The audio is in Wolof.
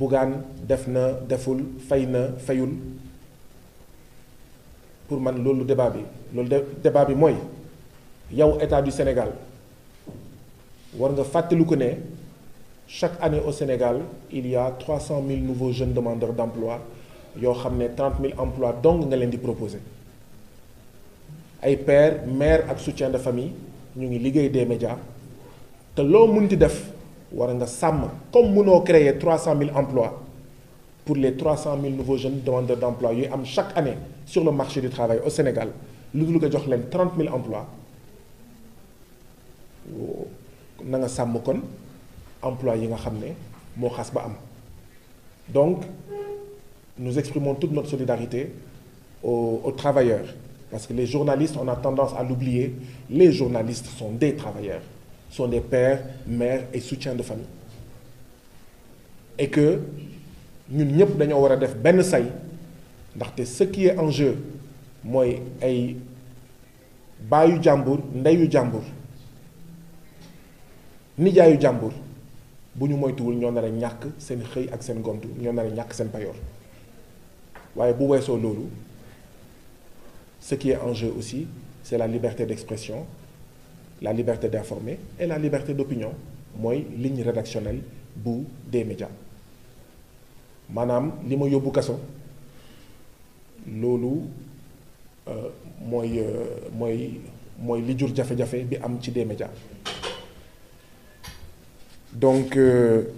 Bougane def na deful fay na fayul pour man loolu débat bi loolu de débat bi mooy yow état du Sénégal war nga fàttaliku ne chaque année au Sénégal il y a 300 000 nouveaux jeune demandeurs d'emploi yoo xam ne 30 mille emplois donc nga leen di proposé ay père mère ak soutien de famille ñu ngi liggéey des médias te loo mun munti def. war nga sàmm comme munoo créer mille emplois pour les trois cent mille nouveaux jeunes demandeurs d' emploi yuy am chaque année sur le marché du travail au Sénégal lu dul nga jox leen 30000 emplois na nga sàmm kon emploi yi nga xam ne moo xas ba am donc nous exprimons toute notre solidarité aux, aux travailleurs parce que les journalistes on a tendance à l'oublier les journalistes sont des travailleurs sont des pères mères et soutiens de famille et que ñun ñëpp dañoo war a def benn say ndaxte ce qui est mooy ay baayu jàmbur ndeyu jàmbur nijaayu jàmbur bu ñu moytuwul ñoo nar a ñàkk seen xëy ak seen gontu ñoo nar a ñàkk seen payoor waaye bu weesoo loolu ce qui est en jeu aussi c'est la liberté d'expression la liberté d'informer et la liberté d'opinion mooy ligne rédactionnelle bu des médias maanaam li ma yóbbu kaso loolu euh, mooy euh, mooy mooy li jur jafe-jafe bi am ci des médias donc. Euh,